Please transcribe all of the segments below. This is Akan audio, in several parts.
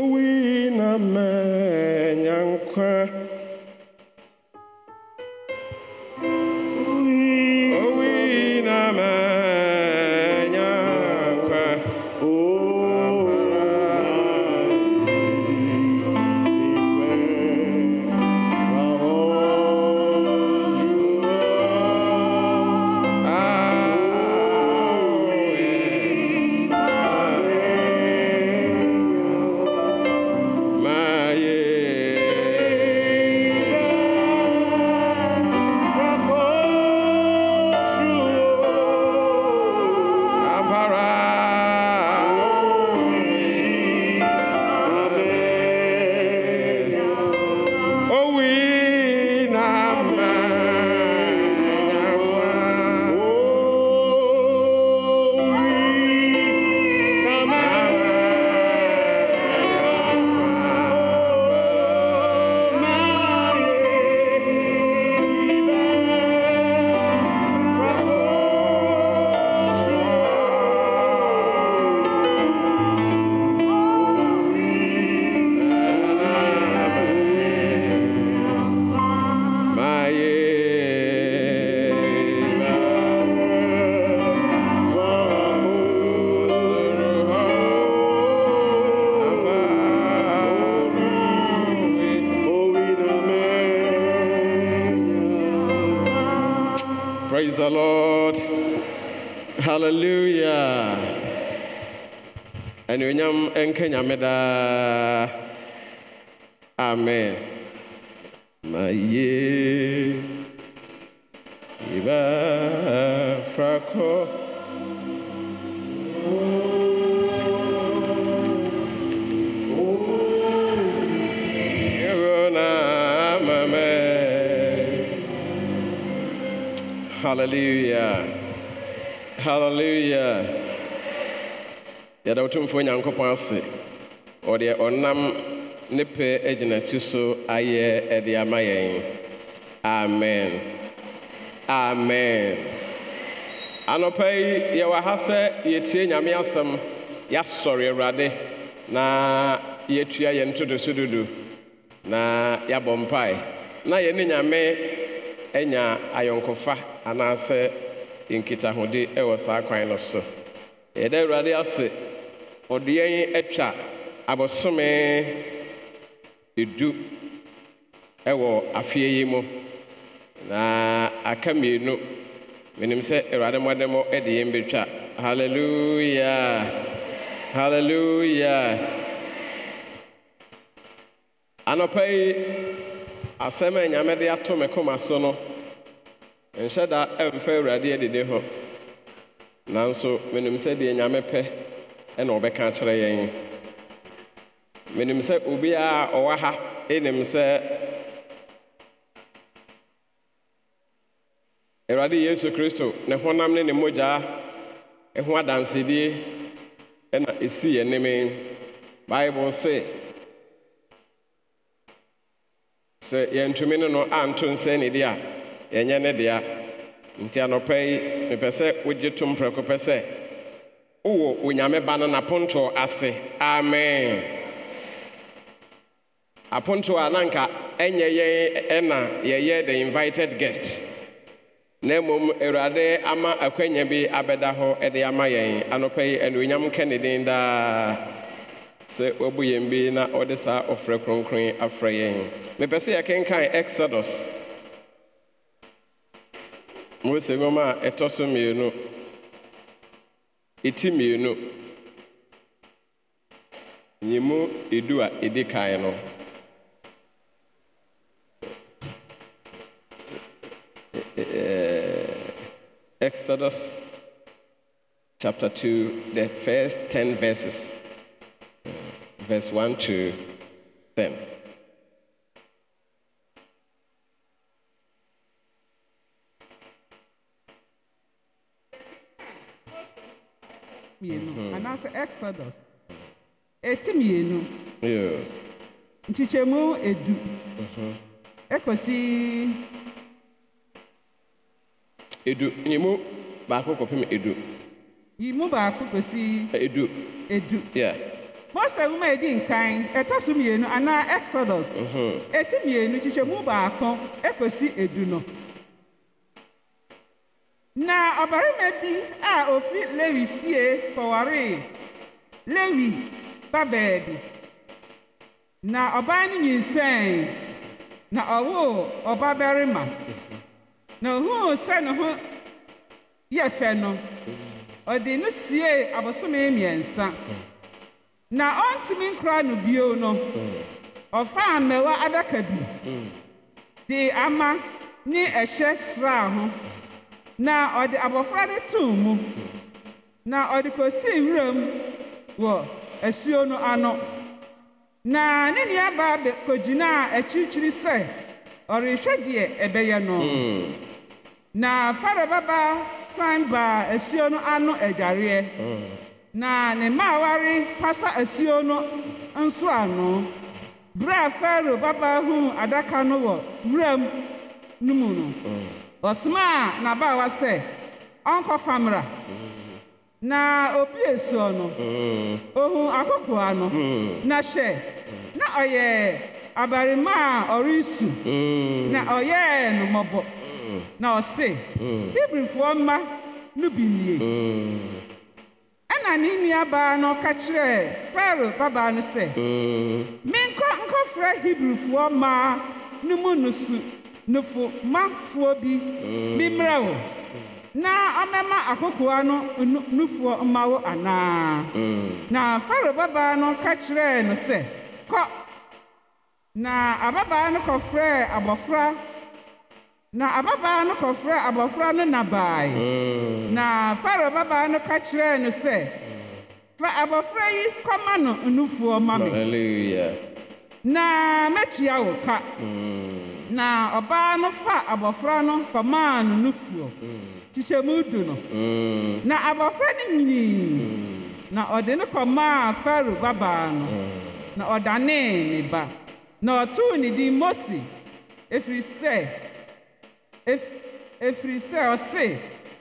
وين ما anuonyam nka nyame daa amen ye. iba frakɔ Hallelujah. Hallelujah. yɛda wotomfoɔ nyankopɔn ase ɔdeɛ ɔnam ne pɛ agyinatu so ayɛ ɛde ama yɛn amen amen anɔpa yi yɛwɔ ha sɛ yɛtie nyame asɛm yɛasɔre awurade na yɛatua yɛn ntotoso dodo na yɛabɔ mpae na yɛne nyame anya ayɔnkofa anaasɛ nkitahode ɛwɔ saa kwan no so yɛda awurade ase ɔde yɛn atwa abɔsome edu ɛwɔ afie yi mu na aka mmienu menim sɛ awurade mmɔdemmɔ de yɛn bɛtwa hallelujah hallelujah anɔpa yi asɛm a nyame de ato me koma so no nhyɛ da ɛmfa awurade adidi ho nanso menim sɛ deɛ nyame pɛ ɛna ɔbɛka kyerɛ yɛn menim sɛ obiara ɔwɔ ha ɛnim sɛ awurade yesu kristo ne honam ne ne mogyaa ho adansedie ɛna ɛsi yɛn neme bible se sɛ yɛntumi ne no anto nsɛ ne de a yɛnyɛ ne dea nti anɔpa yi mepɛ sɛ wogye to mprɛko pɛ sɛ wowɔ onyame ba no n'apontoɔ ase amen apontoɔ a nanka anka ɛnyɛ yɛn ɛna yɛyɛ the invited guest na mmom awurade ama akwanya bi abɛda hɔ ɛde ama yɛn anɔpa yi anuonyam nka ne den daa sɛ wabu yɛn bi na ɔde saa ɔfrɛ kronkron afrɛ yɛn mepɛ sɛ yɛkenkan exodus mose nwoma a ɛtɔ so mmienu ɛti mmienu nyimu edu a ɛdi kan no eh, eh, eh, Exodus chapter 2, the first 10 verses, verse 1 to 10. mmienu mhm. anaasị exodus eti mmienu Nchichemu edu mhm. ekosi. edu nye mụ baako kɔpem edu. yi mụ baako kwesị. Eh, edu. edu. mose nwoma edi nkan ɛtɔ so mmienu anaa exodus mhm. eti mmienu nchichemu baako ekwesị edu no. Na ọbarima bi a ofi Lewi fie pɔwaree Lewi ba beebi Na ọbaa no nyinsɛn, na ɔwoo ɔbabarima. Na ohuu sɛ na ho yɛ fɛ no, ɔde no siee abosome mmiensa Na ntumi nkora no bio no, ɔfaa mmɛwa adaka bi dị ama ne ɛhyɛ sraa na ɔde abɔfra no too mụ na ɔde kosii wuram wɔ asuo no ano na ne nuabaa kogyinaa ọrịa sɛ dị deɛ ya no hmm. na farao baa san baa esuo no ano adwareɛ hmm. na ne mmaaware pasa asuo no nso ano bere a farao babaa huu adaka no wɔ nwura mu no hmm. ɔsomaa n'abaawa sị ɔnkɔ famra na obi esuo ọnụ ohu akokoa no na hyɛ na ɔyɛ abarima a ɔresu na ɔyɛɛ no mmɔbɔ na ɔse hebrifoɔ mma no bi nie ɛna ne nuabaa no ka kyerɛɛ paro babaa no sɛ menkɔ nkɔfrɛ hebrifoɔ mmaa no mu no su nofo mafoɔ bi bi mm. mmerɛ wo na ɔmɛma akokoaa no nufoɔ mma wo anaa mm. na faro babaa no ka kyerɛɛ no sɛ kɔ na ababaa no kɔfrɛɛ abɔfra na ababaa no kɔfrɛɛ abɔfra no nabae mm. na faro babaa no ka kyerɛɛ no sɛ fa abɔfra yi kɔma no nufoɔ ma me na mɛkyia wo ka na ɔbaa no fa abɔfra no kɔmaa no nufuo kyehyɛmu du no mm. na abɔfra no nyinii mm. na ɔde no kɔmaa faro babaa no mm. na ɔdanee ne ba na ɔtoo ne din mose efiri sɛ ɛfiri sɛ ɔse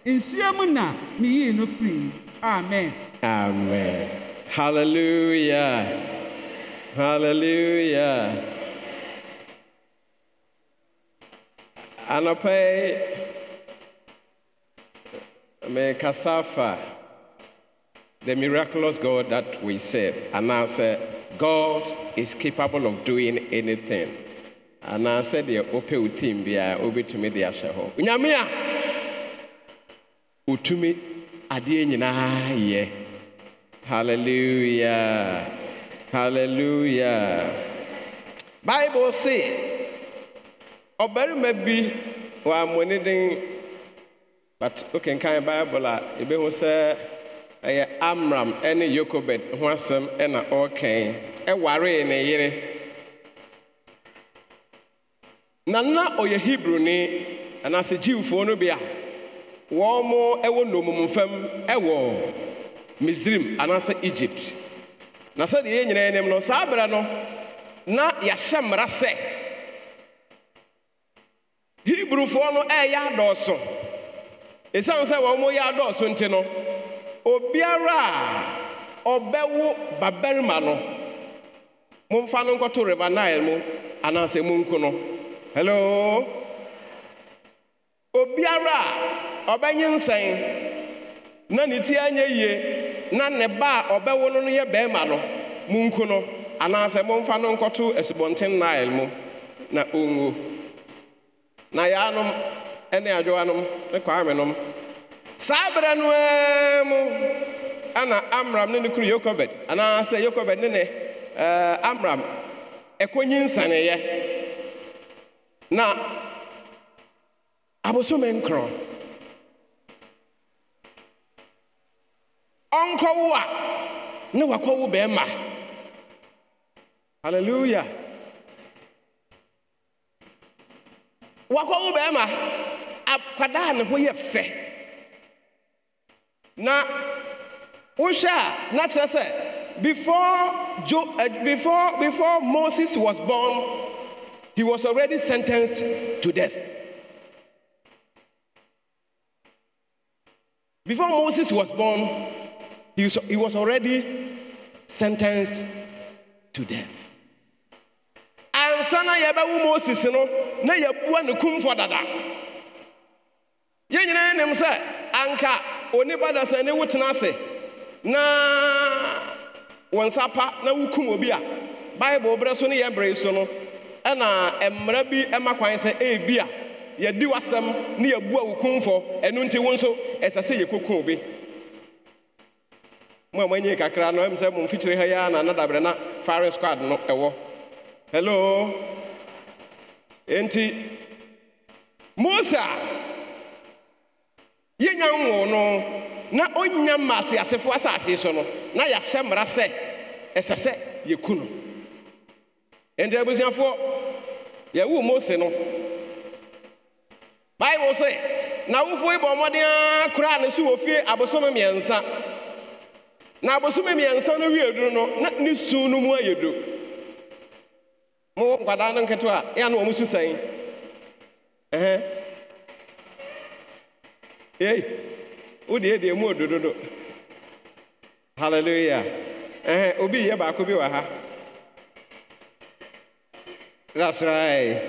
nhyia mu na meyii no firi amen amen hallelujah hallelujah anɔpa yi eh, mekasa the miraculous god that we serve anaasɛ god is capable of doing anything anaasɛ deɛ wopɛ wo tim biara wobɛtumi de ahyɛ hɔ onyame a ɔtumi adeɛ nyinaa yɛ hallelujah hallelujah bible say Ọbarima bi wɔ amoni den but wokenkan bible a yɛbɛhu sɛ ɛyɛ amram ne yokobed ho asɛm ɛna ɔrekɛn ɛwaree ne yere na na ɔyɛ hebroni anaasɛ gyimfoɔ no bi a wɔn ɛwɔ nnomumfam ɛwɔ misrim anaasɛ Ijipt. na sɛdeɛ yɛn nyinaa m no saa berɛ no na yɛahyɛ mmara sɛ hibrufoɔ no ɛyɛ eh, adɔɔso ɛsiane sɛ wɔn mo yɛ adɔɔso nti no obiara a ɔbɛwo babarima no momfa no nkɔto nile mu anaasɛ monku no hello obiara a ɔbɛnye nsɛn na ne ti yie na ne ba na yɛanom ne adwowanom ne kwaamenom saa berɛ no mu ana amram ne ne kunu yokobed anaasɛ yokobed ne ne eh, amram ɛkɔnyinsɛneeɛ na abosome nkorɔ ɔnkɔwo a ne wakɔwo bɛrima hallelujah wakɔwo bɛrima akwadaa ne ho yɛ fɛ na wohwɛ a na kyerɛ sɛ before, jo, uh, before, before moses was born he was already sentenced to death before moses was born he was, he was already sentenced to death ansa na yɛbɛwo moses no na yɛbua ne kumfɔ dada yɛn nyinaa nim sɛ anka onipa dasane wo tena ase na wo nsa pa na wokum obi a bible berɛ so ne yɛn berɛ yi so no ɛna mmara bi ma kwan sɛ ebi a yɛdi w'asɛm ne yɛbua wo kumfɔ ɛno nti wo nso ɛsɛ sɛ yɛkokum obi mo a moanyi kakra no ɛm sɛ mo mfikyire ha yi a na na na fire squad no ɛwɔ hello enti mose a yɛnya nwo no na ɔnya mmate asefoɔ asase so no na yɛahyɛ mmara sɛ ɛsɛ sɛ yɛku no enti abusuafoɔ yɛwu mose no baịbụl sị na wofoɔ yi bɔ mmɔden ara koraa ne so wɔ fie abosome mmiɛnsa na abosome mmiensa no wie duru no na ne su no mu ayɛ mo nkwadaa no nketewa ya na wɔn su sɛn ɛhɛn ei wode ɛde mu odododo hallelujah ɛhɛn obi yɛ baako bi wɔ ha that's right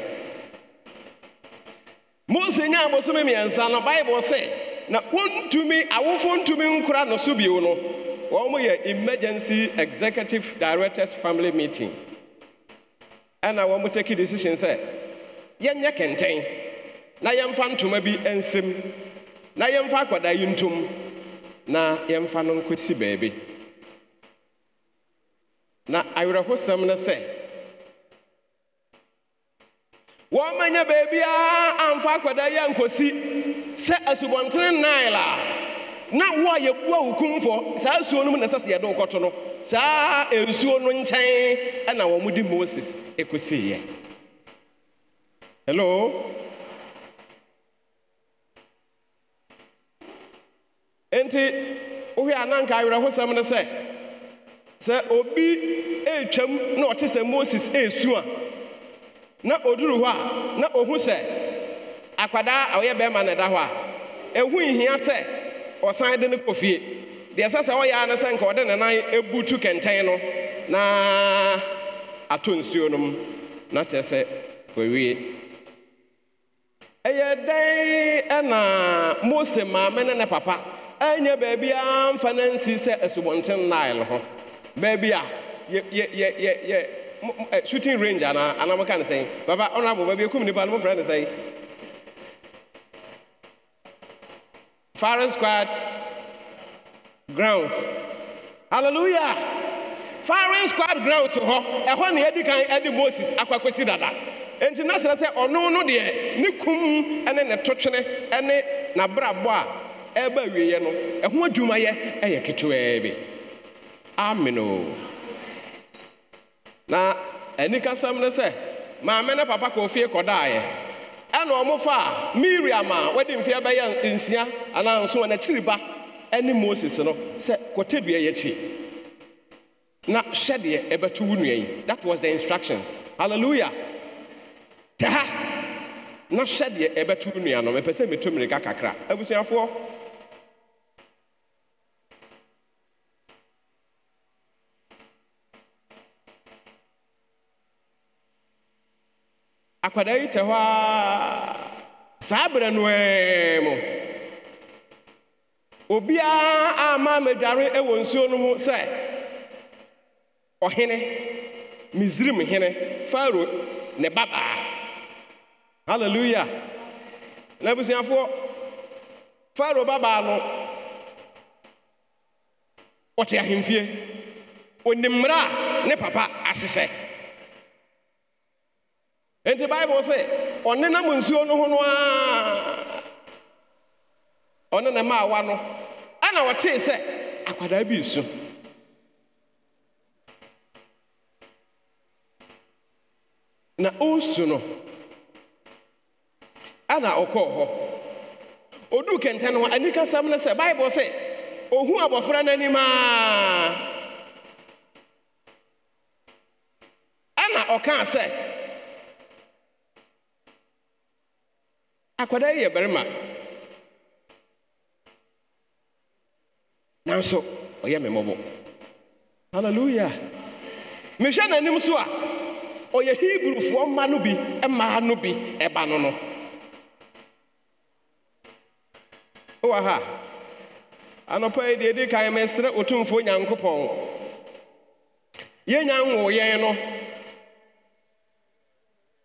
mose nya abosome mmiɛnsa no bible sɛ na wɔntumi awofo ntumi nkora no so bio no wɔn yɛ emergency executive directors family meeting. ɛna wɔmmotaki de sision sɛ yɛyɛ kɛntɛn na yɛmfa ntoma bi ansem na yɛmfa akɔda yi ntom na yɛmfa no nkɔsi baabi na awerɛ hosɛm no sɛ wɔmanyɛ baabiara amfa akɔda yi ankɔsi sɛ asubɔntene nnaelaa na wo a yɛbua wo kumfɔ saa suo no mu na ɛsɛ sɛ yɛde wokɔto no saa nsuo no nkyɛn ɛna wɔn de moses ɛkɔsiiɛ hello enti wohwɛ a na nka awerɛhosɛm no sɛ sɛ obi ɛretwam na ɔte sɛ moses ɛresu a na ɔduru hɔ a na ɔhu sɛ akwadaa a ɔyɛ bɛrima na ɛda hɔ a ɛho nhia sɛ ɔsan de no kɔ fie deɛ ɛsɛ sɛ ɔyɛ a ne sɛ nka ɔde ne nan ebutu kɛntɛn no na ato nsuo no mu na kyerɛ sɛ wɔwie ɛyɛ dɛn ɛna mose maame ne ne papa ɛnyɛ baabi a mfa ne nsi sɛ asubɔnten nile ho baabi a yɛ yɛ yɛ yɛ yɛ shooting range anaa anamka ne sɛn baba ɔnabɔ baabi ekum nipa no mo fira ne sɛn. Pharaoh squad grounds. Hallelujah. Pharaoh squad grounds hɔ ɛhɔ na yɛdi kan ɛde Moses akwakosi dada. Nti na kyerɛ sɛ ɔno no deɛ ne kum ɛne ne totwene ɛne n'abrabɔ a ɛreba awieɛ no ɛho adwumayɛ ɛyɛ ketewaa bi. Amen o. Na anikasɛm no sɛ maame ne papa kɔ ofie kɔdaeɛ. ɛna ɔmofa a meriam a wade mfe ɛ bɛyɛ nsia anaanso ɛ n'akyiri ba ɛne moses no sɛ kɔtɛdua yɛakyi na hwɛdeɛ ɛbɛto wo nnua yi that was the instructions alleluja tɛ ha na hwɛdeɛ ɛbɛto wo nnua no mepɛ sɛ meto mmireka kakra abusuafoɔ akwadaa yi te hɔ a saa berɛ no mu obiara ama amadware wɔ nsuo no ho sɛ ɔhene misrim hene faro ne babaa halleluya na abusuafoɔ faro babaa no ɔte ahemfie ɔnim a ne papa ahyehyɛ enti bible sɛ ɔnenam nsuo no ho ọne na mma awa maawa no ɛna ɔtee sị akwadaa bi resu na ɔresu no ana ɔkɔɔ hɔ ɔduu kɛntɛn no ho anikasɛm no sɛ bible sị ɔhu abɔfra no anim a ana ɔkaa sɛ akwadaa yi yɛ barima nanso ɔyɛ me mmɔbɔ hallelujah mehwɛ n'anim so a ɔyɛ hebrufoɔ mma no bi mmaa no bi ɛba no no wowɔ ha anɔpa yi deɛ ɛdi kan mesrɛ otumfoɔ nyankopɔn yɛnya nwoo yɛn no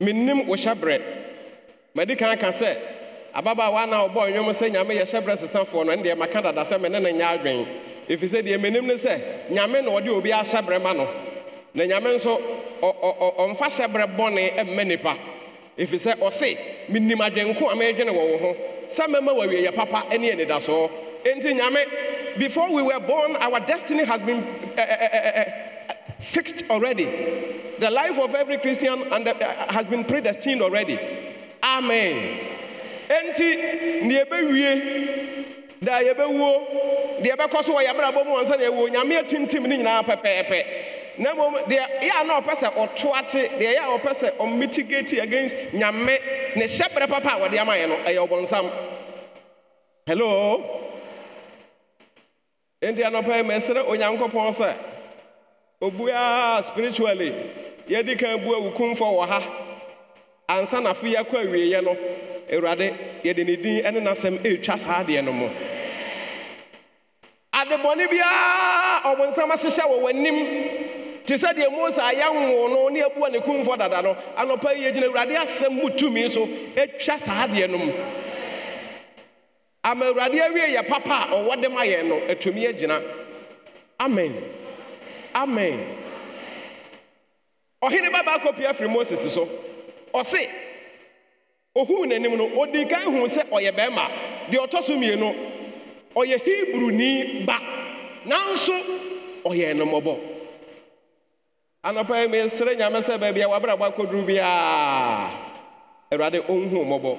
mennim wo hyɛ berɛ madi kan ka sɛ ababaawa na ɔbɔ nnwom sɛ nyame yɛhyɛ berɛ sesafoɔ no ne deɛ maka dada sɛ mene ne nyɛ adwen ɛfiri sɛ deɛ menim ne sɛ nyame na ɔde obi ahyɛ berɛ ma no na nyame nso ɔmfa hyɛ berɛ bɔne mmɛ nnipa ɛfiri sɛ ɔse menim adwenko a meredwene wɔ wo ho sɛ mɛma wawieyɛ papa ne anidasoɔ enti nyame before we were born our destiny has been uh, uh, uh, fixed already the life of every christian and, eh, has been predestined already amen enti ebe ɛbɛwie da yɛbɛwuo deɛ ɛbɛkɔ so wɔ yɛabrabɔ mu ansa na ɛwuo nyame atintim ne nyinaa na mmom deɛ na ɔpɛ sɛ ɔto ate deɛ ɔpɛ sɛ ɔmitigate against papa a ama yɛ no ɛyɛ nsam. ansa na afei awie ya no awurade yɛde ne din ne n'asɛm retwa saa adeɛ no mu adebɔne biara ɔbonsam ahyehyɛ wɔ w'anim te sɛ deɛ mose ayɛ nwoo no ne abua ne kumfɔ dada no anɔpa yi gyina awurade asɛm mu tumi so atwa saa adeɛ no mu ama awurade awie yɛ papa a ɔwɔ de ma yɛn no atumi agyina amen amen ɔhene baako akɔpia firi moses so ɔse ohuu n'anim no odika kan sɛ ɔyɛ bɛrima deɛ ɔtɔ so mmienu ɔyɛ hebrewni ba nanso ɔyɛ nomɔbɔ Anapa yi sere nyame sɛ baabi a wabrabɔ akɔduru biaa awurade ɔnhu mmɔbɔ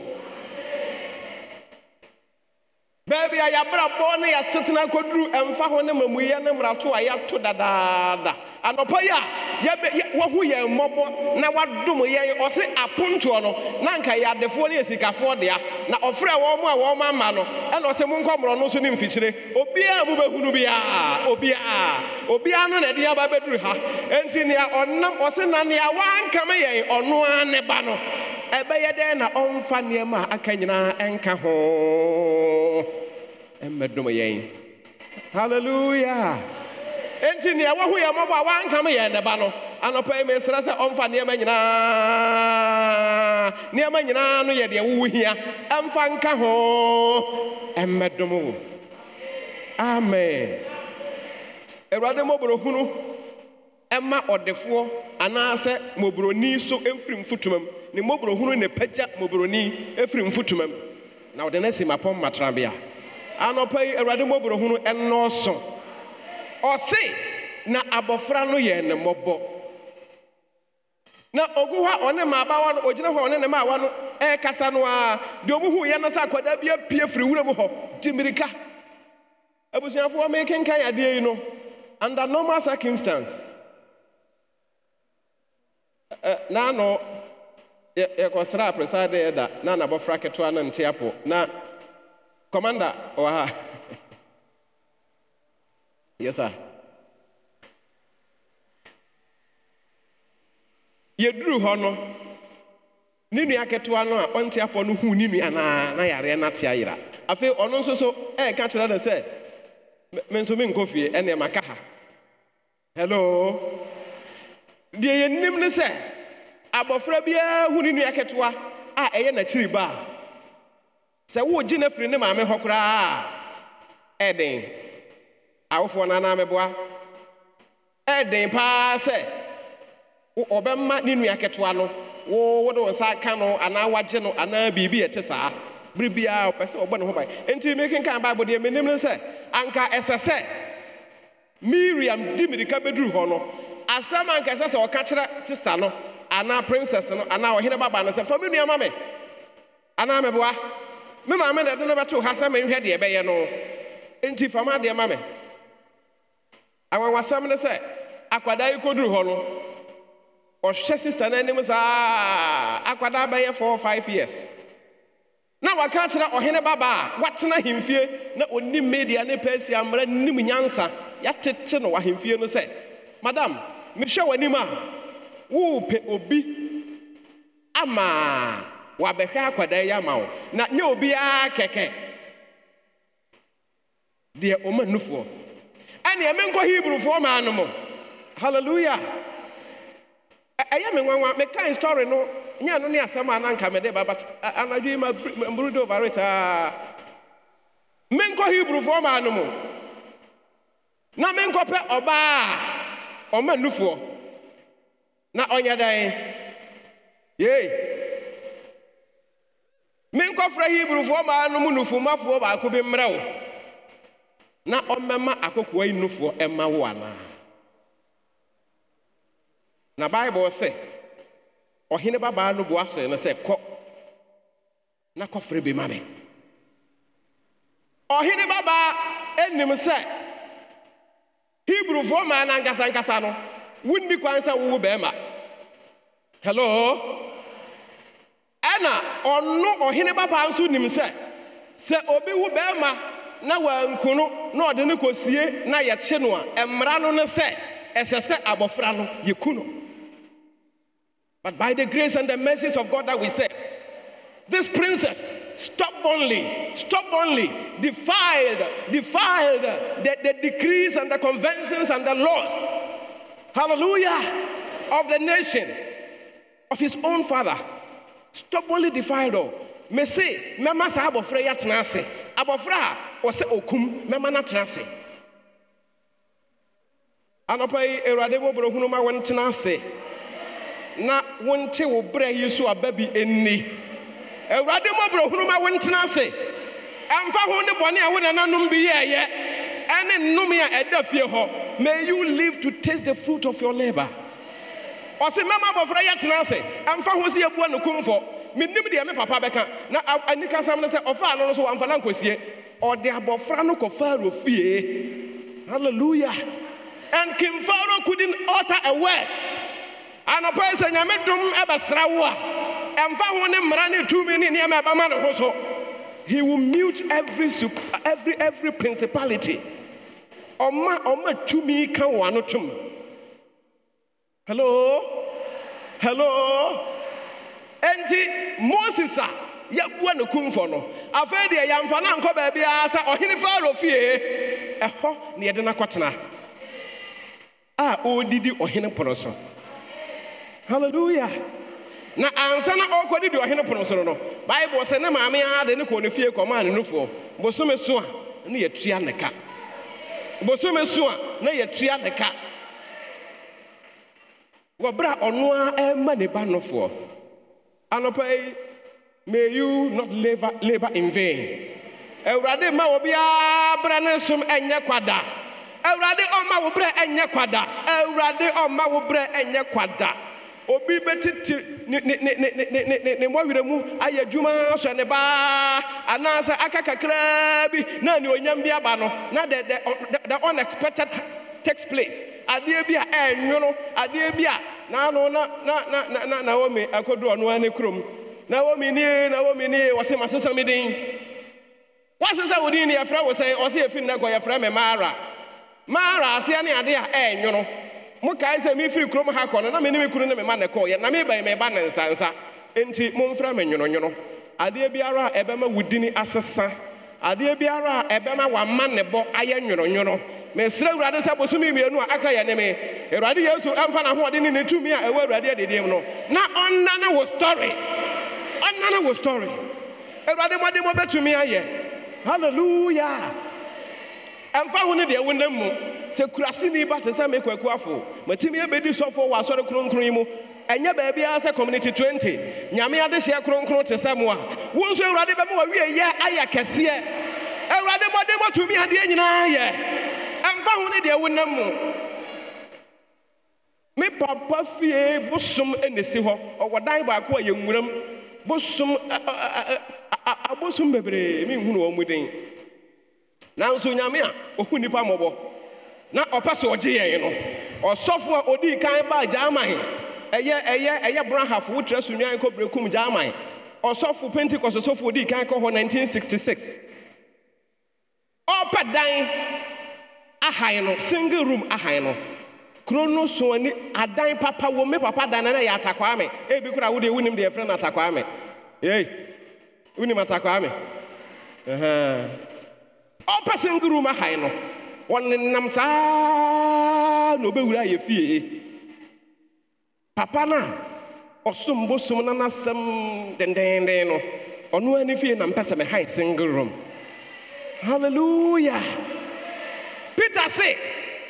Beebi a yɛabrabɔ ne yɛasetena akɔduru ɛmfa ho ne mmamuyɛ ne mmarato a yɛato dadaada anɔpa yi a yɛbɛ wɔhu yɛn mmɔbɔ na wadum yɛn ɔse apontoɔ no na anka yɛ adefoɔ ne yɛ sikafoɔ dea na ɔfrɛ wɔn a wɔn ama no ɛna ɔse mo nkɔ mmorɔ no nso ne mfikyire obiara mu bɛhunu biara obiara obiara no na ɛde aba bɛduru ha enti nea ɔnam ɔse na nea wankame yɛn ɔno ara ne ba no ɛbɛyɛ dɛn na ɔmfa nneɛma a aka nyinaa ɛnka ho ɛmmɛdom yɛn hallelujah nti nea wahu yɛ mmɔbɔ a wankam yɛ ne ba no anɔpa yi mesrɛ sɛ ɔmfa nneɛma nyinaa nneɛma nyinaa no yɛ deɛ wowu hia ɛmfa nka ho ɛmmɛdom wo amen awurade mmɔborɔhunu ɛma ɔdefoɔ anaasɛ mmɔborɔni so ɛmfiri mfutuma mu ne mmɔborɔhunu ne pagya mmɔborɔni ɛfiri mfutuma mu na ɔde ne si mapɔm matrabea anɔpa yi awurade mmɔborɔhunu ɛnɔɔso ɔse na abɔfra no yɛ ne mmɔbɔ na ogu hɔ a ɔne maabawa no ogyina hɔ a ɔne ne maawa no ɛrekasa no a deɛ ɔmuhu yɛ no sɛ akwadaa bi apue firi wura mu hɔ gye mmirika abusuafoɔ mekenkan adeɛ yi no under normal circumstances circumstance naanọ yɛkɔsra apresa de ɛda na nabɔfra ketewa no nte apo na kɔmanda ɔwɔ ha Yes, sir. yɛduru hɔ no ne nua ketewa no a ɔnte apɔ no huu ne nua naa na yareɛ no ate ayera afei ɔno nso so ɛreka kyerɛ no sɛ me nso menkɔ fie ɛneɛ maka ha hello deɛ yɛnim ne sɛ abɔfra biara hu ne nua ketewa a ɛyɛ n'akyiri ba sɛ woregye no afiri ne maame hɔ koraa a ɛden awofoɔ no anaa mɛboa ɛden paa sɛ ɔbɛma ne nua ketewa no wo wode wo nsa ka no anaa wagye no anaa biribi ɛte saa bere biara ɔpɛ sɛ ɔbɔ ne ho ban enti mekenkan bible deɛ menim ne sɛ anka ɛsɛ sɛ miriam di mirika bɛduru hɔ no asɛm anka ɛsɛ sɛ ɔka kyerɛ sister no anaa princess no anaa ɔhene baba no sɛ fa me nua ma me anaa mɛboa me maame na ɛde no bɛto ha sɛ menhwɛ deɛ ɛbɛyɛ no enti fa ma adeɛ ma me anwanwasɛm ne sɛ akwadaa yi kɔduru hɔ no ɔhwɛ sista no saa akwadaa bɛyɛ 4 5 years na waka akyerɛ ɔhene babaa a watena ahemfie na ɔnim media ne persia mmara nim nyansa yɛatete no ahemfie no sɛ madam mehwɛ w'anim a worepɛ obi ama wabɛhwɛ akwadaa yi ama wo na nyɛ obiara kɛkɛ deɛ ɔma nufoɔ ɛne menkɔ hebrufoɔ ma no m halleluya ɛyɛ me nwanwa mekae story no nyɛ no ne asɛm a nanka mede ba but anadwo yi mbrudi obaretaa menkɔ hebrufoɔ ma no m na menkɔpɛ ɔbaa a ɔma nufoɔ na ɔnyɛ dan yei menkɔfrɛ hebrufoɔ ma no mu nufumafoɔ baako bi mmerɛ wo na ɔmmɛma akokoaa yi nufoɔ ɛma na baịbụl sɛ ɔhene babaa no boa sɔe na kɔfrɛ bi ma me ɔhene babaa ɛnim sɛ hebrufoɔ maa no nkasa nọ kwan sị na wanku no na ɔde ne kɔsie na yɛkye no a no ne sɛ ɛsɛ sɛ abɔfra no yɛku no but by the grace and the mercies of god that we serve this princess stubbornly, stubbornly defiled, defiled the, the decrees and the conventions and the laws, hallelujah, of the nation, of his own father. Stubbornly defiled all. Me say, Mama Sahabo Freya Abofra, ɔsɛ okum mɛma no atena ase anɔpa yi awurade mmɔborɔhunu ma wontena ase na wonte wo berɛ yi so aba bi ɛnni awurade mmɔborɔhunu ma wontena ase ɛmfa ho ne bɔne a wo nananom bi yɛɛyɛ ɛne nnome a ɛda fie hɔ may you live to taste the fruit of your labor ɔse mɛma abɔfra yɛtena ase ɛmfa ho sɛ yɛbua no kumfɔ menim deɛ me papa bɛka na anikasam no sɛ ɔfa ano no so wamfa na nkɔsie ɔde abɔfra no kɔfaro fie alleluya an kimfaro kodi n ɔlter ɛwɛr anɔpɔyi sɛ nyamedom bɛsrɛ wo a ɛmfa ho ne mmara ne tumi ne nneɛma ɛbɛma ne ho so he wil mult every principality ɔma tumi ka wo a no tom heloelo enti moses a yɛbua ne kumfɔ no afei deɛ yɛmfa no ankɔ baabiara sɛ ɔhene faro fie ɛhɔ na yɛde no akɔtena a ɔredidi ɔhene pono so halleluya na ansa na ɔrekɔdi di ɔhene pono so no no bible sɛ ne maame ara de ne kɔ ne fie kɔmaa ne nufoɔ bosome so a ne yɛtua ne ka bosome so a ne yɛtua ne ka wɔ berɛ a ɔno ara ɛrema ne ba nofoɔ anɔpa yi ma you not labor in vain awurade mma wɔ biara berɛ ne nsom ɛnyɛ kwada awurade ɔma wo berɛ ɛnyɛ kwada awurade ɔma wo berɛ ɛnyɛ kwada obi bɛte te ne mmɔ werɛmu ayɛ adwumaa sɛne baa anaasɛ aka kakraa bi na neɛ ɔnyam bi aba no na dthe unexpected takes place adeɛ bi a ɛnwono adeɛ bi a naano na n nawo me akoduruɔno aa ne kurom na wɔmenie na wɔmenie wɔse masesa me din wɔasesa wo din ne yɛfrɛ wo sɛn ɔsi efiri nnɛ kɔ yɛfrɛ me maara maara aseɛ ne ade a ɛɛnwono eh, mokae sɛ mefiri kurom ha kɔ no na mene me kunu ne ma ne kɔɔyɛ na mebɛn meba ne nsansa enti momfrɛ me nwononwono adeɛ biara a ɛbɛma wo dini asesa adeɛ biara a ɛbɛma wama ne bɔ ayɛ nwononwono mesrɛ awurade sɛ bosome mmienu a aka yɛ ne me awurade na ho n'ahoɔden ne ne tumi a ɛwɔ awurade adediem no na ɔnna ne wo story. ɔnane wo story awurade mmɔde ma ɔbɛtumi ayɛ hallelujah ɛmfa ho no deɛ wonam mu sɛ kuraseni ba te sɛ mekwakuafo matumi ebedi sɔfoɔ wɔ asɔre kronkron yi mu ɛnyɛ baabiara sɛ community 20 nyame adehyeɛ kronkron te sɛ mo a wo nso awurade bɛma wawieyɛ ayɛ kɛseɛ awurade mmɔde ma tumi adeɛ nyinaa yɛ ɛmfa ho no deɛ wonam mu me papa fie bosom esi hɔ ɔwɔ dan baako a yɛnwuram bosom abosom bebree menhunu wɔn mu den nanso nyame a ɔhu nnipa mmɔbɔ na ɔpɛ sɛ ɔgye yɛn no ɔsɔfo a ɔdii kan baa gyaman ɛyɛ ɛyɛ ɛyɛ brahafo wotrɛ so nwan kɔbrɛ kum gyaman ɔsɔfo pentecost ɔsɔfo ɔdii kan kɔ hɔ 1966 ɔpɛ dan ahan no single room ahan no kuro no so ani adan papa wɔ me papa dan na yɛ atakwaa me ebi kura wode wonim deɛ frɛ no atakwaa me yei wonim atakwaa me ɔpɛ sɛ nkuru ma hae no ɔnenam saa na ɔbɛwura yɛ fie papa no a ɔsom bosom no n'asɛm dendenden no ɔno ani fie na mpɛ sɛ mehae single room hallelujah peter se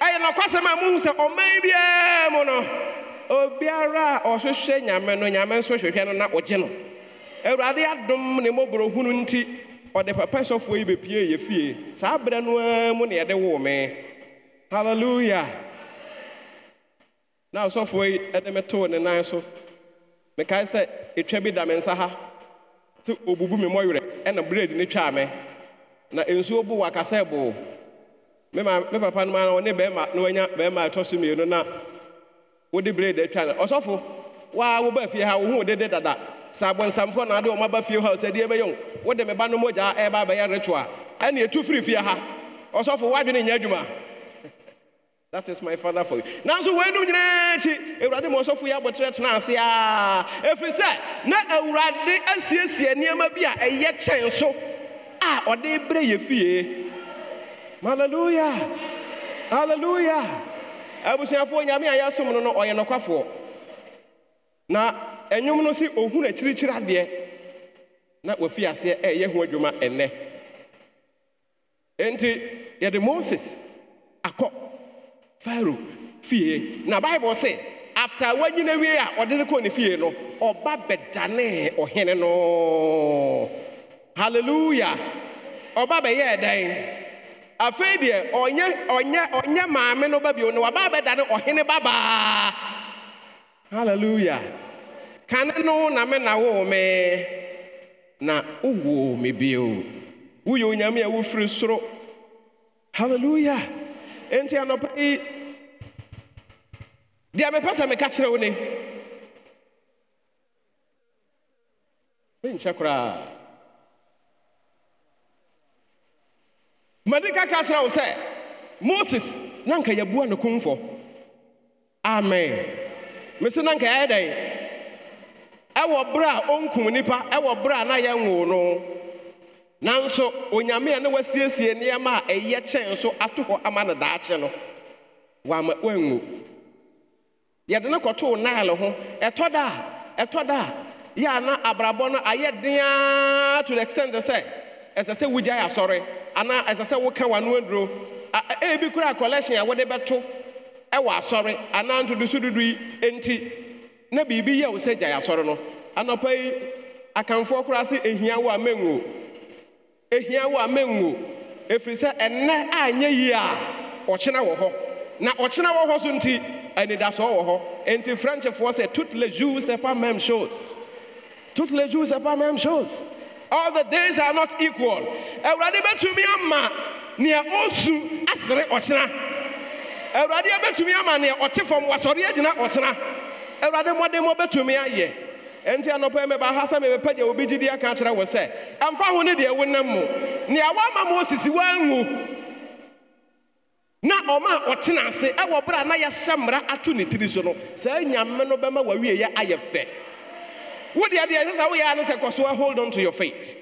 ɛyɛ nɔkwasɛm a mohu sɛ ɔman biara mu no obiara a ɔhwehwɛ nyame no nyame nso hwehwɛ no na ɔgye no awurade adom ne hunu nti ɔde papa sɔfoɔ yi bɛpie yɛ fie saa berɛ no ara mu ne yɛde woo me halleluya na ɔsɔfoɔ yi ɛde me ne nan so mekae sɛ ɛtwa bi da me nsa ha sɛ obubu me mmɔwerɛ ɛna brɛd ne twaa me na nsuo bo wɔ akasɛ boo epapa omɔne maɛmɛɔ soie na wode brɛ de an ɔsɔfo war woba fie ha wo howo dede dada sɛ abɔnsamf naade ɔaba fie hɔ aosɛdi ɛyɛ wode me ba nomɔgyaabɛyɛreto a ɛne ɛtu firi fiɛ ha ɔsɔfo woadwene nnya adwuma asy f f nanso winom nyine ati awurade ma ɔsɔfo yɛ aboterɛ tena ase a ɛfii sɛ ne awurade asiesie nnoɔma bi a ɛyɛ kyɛn so a ɔde berɛ yɛ fiee haleluya haleluya abusuafoɔ nyame a yɛasom no no ɔyɛ nɔkwafoɔ na ɛnwom no sɛ ɔhunu akyirikyiri adeɛ na wafi aseɛ ɛyɛ ho adwuma ɛnnɛ enti yɛde moses akɔ pharaoh fie na bible se after wanyina wie a ɔde no kɔ ne fie no ɔba bɛdanee ɔhene no haleluya ɔba bɛyɛɛ dɛn afei deɛ ɔnyɛ ɔnyɛ ɔnyɛ maame no ba bio na waba abɛdane ɔhene babaa hallelujah kane no na me na woo na wowoo me bio woyɛ onyame a wofiri soro hallelujah enti anɔpa yi deɛ mepɛ sɛ meka kyerɛ wo ne menkyɛ koraa made ka ka kyerɛ wo sɛ moses na anka yɛbua ne komfɔ amen me se na anka yɛyɛ dɛn ɛwɔ berɛ a ɔnkum nnipa ɛwɔ berɛ a na yɛnwoo no nanso onyame a ne wasiesie nneɛma a ɛyɛ kyɛn nso ato hɔ ama no daakye no wama wangu yɛde ne kɔtoo nile ho ɛtɔ da a ɛtɔ da a yɛ a na abrabɔ no ayɛ den to the extent sɛ ɛsɛ sɛ wogya yɛ asɔre anaa ɛsɛ sɛ woka w'ano aduro ebi kura collection a wɔde bɛto ɛwɔ asɔre anaa ntodoso dodo yi enti na biribi ah, yɛ wo sɛ gya yɛ asɔre no anɔpa yi akamfoɔ koraa sɛ ehia wo a mengo ehia wo a mengo efiri sɛ ɛnɛ a nyɛ yie a ɔkyena wɔ hɔ na ɔkyena wɔ hɔ so nti anidasoɔ wɔ hɔ enti frenchfoɔ sɛ eh, toutes les jours c'est pas même chose toutes les jours c'est pas même chose. all the days are not equal awurade betumi ama nea ɔnsu asere ɔkyena awurade betumi ama nea ɔte fam wasɔre agyina ɔkyena awurade mmɔden bɛtumi ayɛ ɛnti anɔpɔ yi mɛba ha sɛ mɛbɛpɛgya obi gyidi aka akyerɛ wɔ sɛ ɛmfa ho ne deɛ wonam mu nea wama ma osisi wanwu na ɔma a ɔtena ase ɛwɔ berɛ a na yɛhyɛ mmara ato ne tiri so no saa nyame no bɛma wawieɛ ayɛ fɛ wode adeɛ ɛsɛ sɛ woyɛ a ne sɛ kɔ so hold on to your faith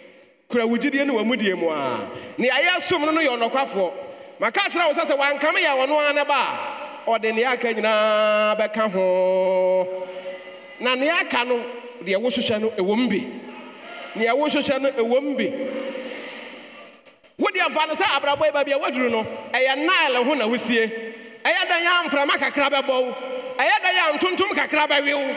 kura wo gyidie ne wamudie mu a ne ayɛ som no no yɛ ɔnɔkwafoɔ maka kyerɛ wo sɛ sɛ wankame yɛ wɔno ara ne ba a ɔde ne aka nyinaa bɛka ho na ne aka no deɛ wohyehyɛ no ɛwɔ m bi neɛ wohyehyɛ no ɛwɔ m bi wode afa no sɛ abrabɔ yi baabi a waduru no ɛyɛ nile ho na wosie ɛyɛ dan yɛ amframa kakra bɛbɔ wo ɛyɛ dɛn a ntontom kakra bɛwe wo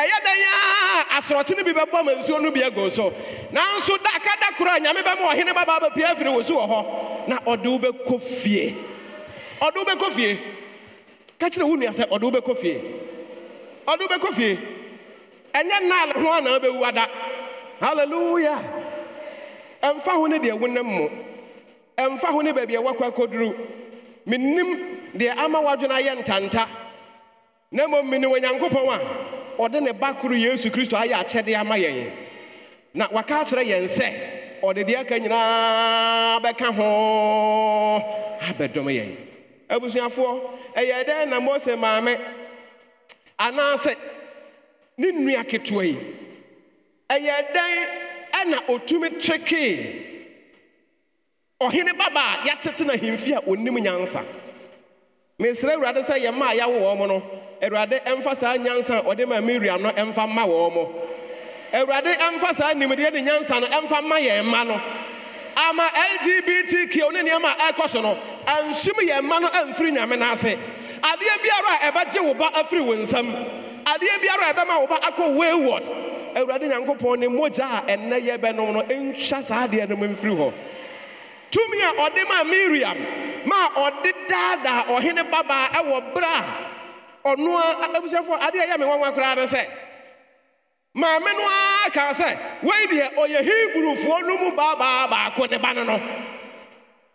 ɛyɛ dɛn a asorɔkyene bi bɛbɔ ma nsuo no bi agu so nanso daka da koro a nyame bɛma ɔhene bɛbaa bɛpia afiri wo so wɔ hɔ na ɔde wo bɛkɔ fie ɔde wo bɛkɔ fie ka wo nua sɛ ɔde wo bɛkɔ fie ɔde wo bɛkɔ fie ɛnyɛ nnaale ho anaa bɛwu ada hallelujah. ɛmfa ho ne deɛ wonam mu ɛmfa ho ne baabi a wakɔ akɔduru menim deɛ ama woadwene ayɛ ntanta na mmom mene onyankopɔn a ɔde ne ba koro yesu kristo ayɛ akyɛde ama yɛn na waka akyerɛ yɛn sɛ ɔde deɛ aka nyinaa bɛka ho abɛdɔm yɛn abusuafoɔ ɛyɛ dɛn na mose maame anaasɛ ne nnua ketewa yi ɛyɛ dɛn ɛna ɔtumi trekee ɔhene baba a yɛatete no ahemfi a ɔnim nyansa mesrɛ awurade sɛ yɛma a yɛawo wɔ mo no awurade ɛmfa saa nyansa a ɔde ma miriam no ɛmfa mma wɔn mo awurade ɛmfa saa nimdeɛ ne nyansa no ɛmfa mma yɛn mma no ama lgbtq ne nneɛma a ɛrekɔ so no ansum yɛn mma no amfiri nyame n'ase adeɛ biara a ɛbɛgye wo ba afiri wo nsam adeɛ biara a ɛbɛma wo ba akɔ wayward awurade nyankopɔn ne mogya a ɛnnɛ yɛbɛnom no ɛntwa saa adeɛ no mu mfiri hɔ tumi a ɔde ma miriam ma ɔde daadaa ɔhene babaa ɛwɔ berɛ a ɔno a ade adeɛ ɛyɛ me nwanwa koraa ne sɛ maame no ara kaa sɛ wei deɛ ɔyɛ hebrufoɔ no mu baabaa baako ne ba ne no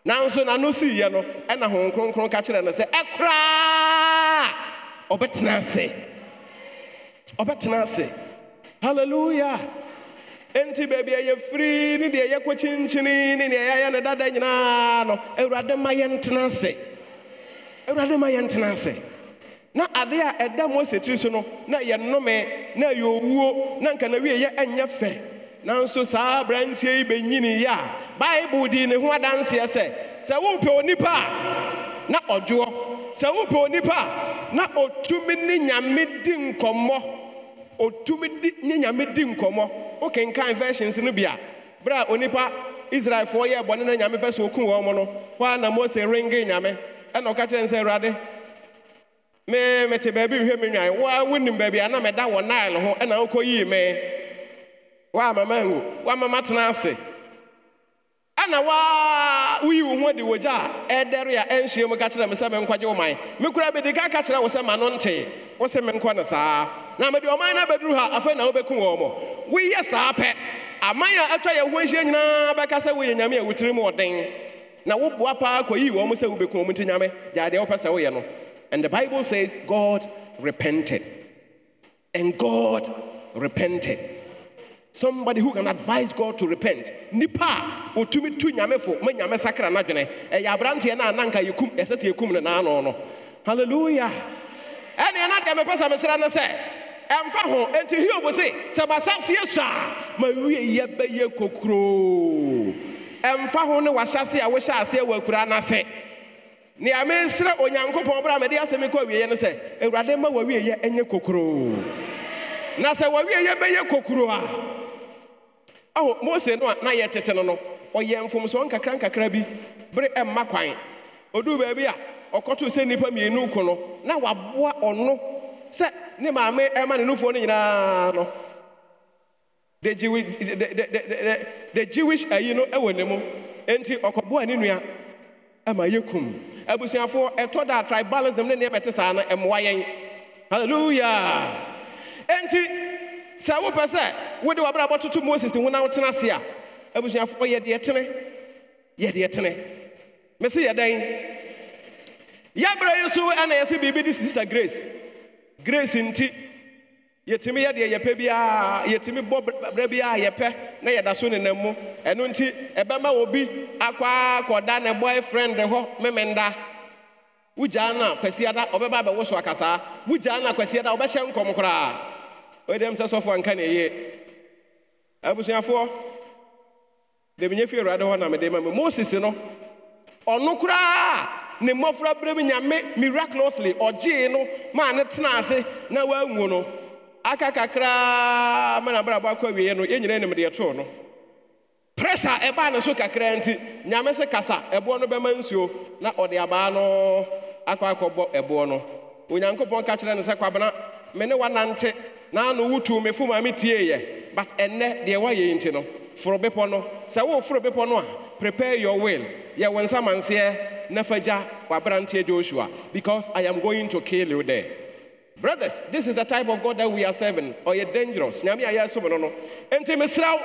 nanso n'ano yɛ no ɛna honhom kronkron ka kyerɛ no sɛ ɛkoraa ɔbɛtena ase ɔbɛtena ase hallelujah enti baabi a yɛfiri ne deɛ yɛkɔ kyinkyini ne deɛ yɛayɛ ne dada nyinaa no awurade ma yɛntena ase awurade ma yɛntena ase na ade a ɛda mose tiri so no na yɛ nnome na ɛyɛ owuo na nka na wieyɛ ɛnyɛ fɛ nanso saa aberanteɛ yi bɛnyiniyɛ a bible dii ne ho adanseɛ sɛ sɛ wopɛ onipa a na ɔdwoɔ sɛ wopɛ onipa a na ɔtumi ne nyame di nkɔmmɔ ɔtumi di ne nyame di nkɔmmɔ wokenkan versions no bi a a onipa israelfoɔ yɛɛ bɔne na nyame pɛ sɛ ɔku wɔn mo no hɔ a na mose ringe nyame ɛna ɔka kyerɛ ne sɛ awurade me mete baabi hwɛ me nwan wo a wonim baabi a na meda wɔ nile ho ɛna wokɔyii me woama mango woama matena ase Ɛna waa woyi wo ho adi wɔgya a ɛdɛre e a ɛnhyia e mu ka kyerɛ me sɛ menkwagye wo man mekora bɛdi ka ka kyerɛ wo sɛ ma no ntee wo sɛ menkɔ ne saa na mede ɔman no bɛduru ha afei na wobɛku wɔ mɔ woyɛ saa pɛ aman a atwa yɛ ho ahyia nyinaa bɛka sɛ woyɛ nyame a wotiri mu ɔden na woboa paa kɔyii wɔ m sɛ wobɛku wɔ mu nti nyame gyaa wopɛ sɛ woyɛ no And the Bible says God repented. And God repented. Somebody who can advise God to repent. Nipa otumi tu nyame fo, ma sakra na dwene. E ya abrante na ananka yekum, ese se yekum na ano no. Hallelujah. Ɛne na de me pesa me sra na se, ɛmfa ho enti Hiob se, sɛ basa se sua, ma wie ye bɛyɛ kokro. Ɛmfa ho ne wahyase a wohyɛ ase wɔ na se. nea mesrɛ onyankopɔn berɛ a mede asɛm kɔ awieeɛ no sɛ awurade ma w'awieeɛ ɛnyɛ kokuroo na sɛ w'awieeɛ bɛyɛ kokuro a ɔho mose no a na yɛ tete no no ɔyɛ mfomsoɔ nkakra nkakra bi bere ɛmma kwan ɔduu baabi a ɔkɔtoo sɛ nnipa mmienu ko no na waboa ɔno sɛ ne maame ɛma ne nufoɔ no nyinaa no the jewish the, the, the, the jewish ayi no ɛwɔ ne mu enti ɔkɔboa ne nua ama yɛ kum abusuafoɔ ɛtɔ daa tribalism no ne ɛbɛte saa na ɛmoa yɛn alleluya enti sɛ wopɛ sɛ wode wabrɛ bɔtoto moses te wonawo tena ase a abusuafoɔ ɔyɛ deɛ tene yɛdeɛ tene me se yɛ dɛn yɛbrɛ yi so ɛna ɛ sɛ biribi de sistar grace grece nti yɛtumi yɛ deɛ yɛpɛ biara yɛtumi bɔ berɛ biara yɛpɛ na yɛda so nenam mu ɛno nti ɛbɛma obi akɔ akɔda ne boy friend hɔ memenda wogyaa no a kwasiada ɔbɛba bɛwo so akasaa wogyaa no a kwasiada ɔbɛhyɛ nkɔm koraa ɔdɛm sɛ sɔfoɔ anka ne ɛyie abusuafoɔ de menyɛ fii awurade hɔ na mede ma me moses no ɔno koraa ne mmɔfra berɛ mu nyame miraculously ɔgyee no maa ne tena ase na waanwo no aka kakraa mana brabɔ akɔ awieɛ no yɛnyina anim ya too no pressure ɛbaa ne so kakra nti nyame se kasa ɛboɔ no bɛma nsuo na ɔde abaa no akɔ akɔbɔ ɛboɔ no onyankopɔn ka kyerɛ no sɛ kwabena me ne wanante na wutu m me fom tie ya but ɛnnɛ deɛ woayɛ nti no foro bepɔ no sɛ furu bepɔ no a prepare your will yɛ wo nsamanseɛ na fagya w'aberanteɛ joshua because i am going to kill you there Brothers, this is the type of God that we are serving. Or oh, you're dangerous. Nyame a yesu no no. Enti mesraw.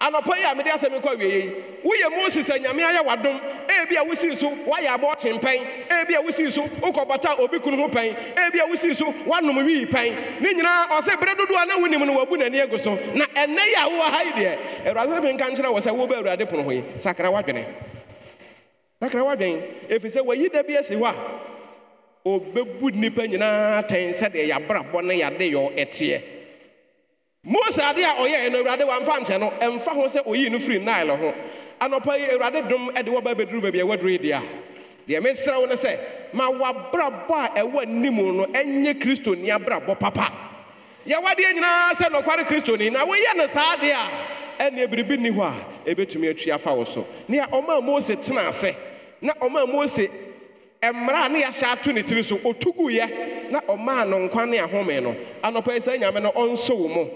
Anɔpa yi a mede asɛm kɔ awie yi, woyɛ Moses a Nyame ayɛ wadom, ebi a wosi so woayɛ abɔ kyempɛn, ebi a wosi so wokɔbata obi kunu ho pɛn, ebi a wosi so woanom wii pɛn. Ne nyinaa ɔsɛ berɛ na wonim no wabu n'ani agu so. Na ɛnɛ yi a wowɔ ha yi deɛ, Awurade sɛ menka nkyerɛ wɔ sɛ wobɛ Awurade pono ho yi, sakra w'adwene. Sakra w'adwene, ɛfiri sɛ wayi bi ɔbɛbu nipa nyinaa atɛn sɛdeɛ yɛabrabɔ ne yɛade yɔ ɛteɛ mose ade a ɔyɛɛ no awurade wamfa nkyɛ no ɛmfa ho sɛ ɔyii no firi nile ho anɔpa yi awurade dom de wɔba bɛduru baabi a wɔaduru yi a deɛ mesrɛ wo ne sɛ ma w'abrabɔ a ɛwɔ anim no ɛnyɛ kristoni abrabɔ papa yɛwadeɛ nyinaa sɛ nɔkware na woyɛ no saa deɛ a ɛneɛ biribi nni hɔ a ɛbɛtumi atua fa wo so nea ɔmaa mose tena ase na ɔmaa mose mmara a ne yɛahyɛ ato ne tiri so ɔtu guyɛ na ɔmaa no nkwa ne ahome no anɔpa yi sɛ nyame no ɔnsɔ wo mu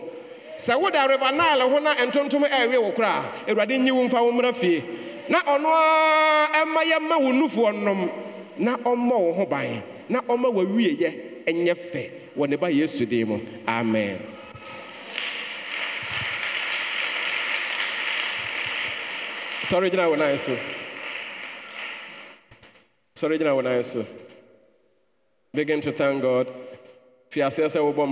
sɛ woda river nile ho na ntontom ɛrewe wo koraa awurade nyi wo mfa wo mmra fie na ɔno ara ɛma yɛma wo nufoɔ nom na ɔmmɔ wo ho ban na ɔma wawieyɛ ɛnyɛ fɛ wɔ ne ba yesu din mu amen sɔre gyina wo nan so So, Regina, when I begin to thank God, if you are saying,